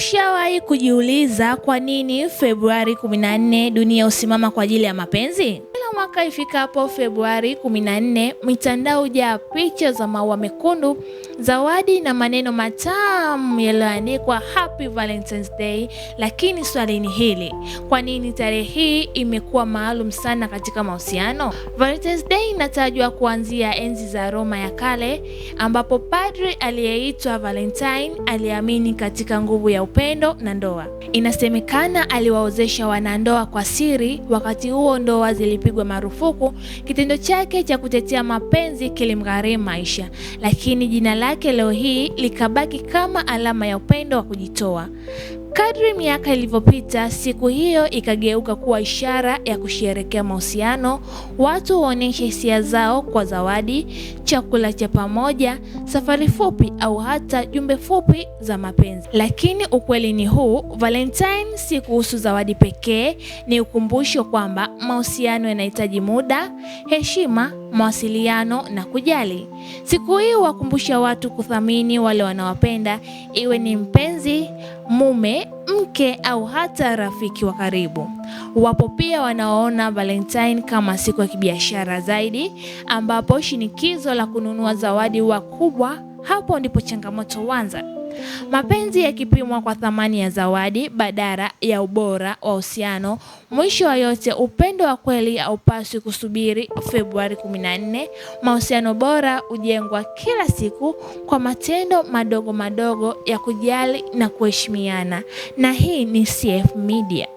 Ushawahi kujiuliza kwa nini Februari 14 dunia husimama kwa ajili ya mapenzi? Kila mwaka ifikapo Februari 14, mitandao hujaa picha za maua mekundu, zawadi na maneno matamu kalamu yaliyoandikwa Happy Valentine's Day. Lakini swali ni hili, kwa nini tarehe hii imekuwa maalum sana katika mahusiano? Valentine's Day inatajwa kuanzia enzi za Roma ya kale, ambapo padri aliyeitwa Valentine aliamini katika nguvu ya upendo na ndoa. Inasemekana aliwaozesha wanandoa kwa siri. Wakati huo ndoa zilipigwa marufuku. Kitendo chake cha kutetea mapenzi kilimgharimu maisha, lakini jina lake leo hii likabaki kama kama alama ya upendo wa kujitoa. Kadri miaka ilivyopita, siku hiyo ikageuka kuwa ishara ya kusherekea mahusiano. Watu waonyeshe hisia zao kwa zawadi, chakula cha pamoja, safari fupi, au hata jumbe fupi za mapenzi. Lakini ukweli ni huu: Valentine si kuhusu zawadi pekee, ni ukumbusho kwamba mahusiano yanahitaji muda, heshima mawasiliano na kujali. Siku hii wakumbusha watu kuthamini wale wanawapenda, iwe ni mpenzi, mume, mke au hata rafiki wa karibu. Wapo pia wanaoona Valentine kama siku ya kibiashara zaidi, ambapo shinikizo la kununua zawadi wakubwa kubwa, hapo ndipo changamoto huanza. Mapenzi yakipimwa kwa thamani ya zawadi badala ya ubora wa uhusiano. Mwisho wa yote, upendo wa kweli haupaswi kusubiri Februari 14. Mahusiano bora hujengwa kila siku kwa matendo madogo madogo ya kujali na kuheshimiana, na hii ni CF Media.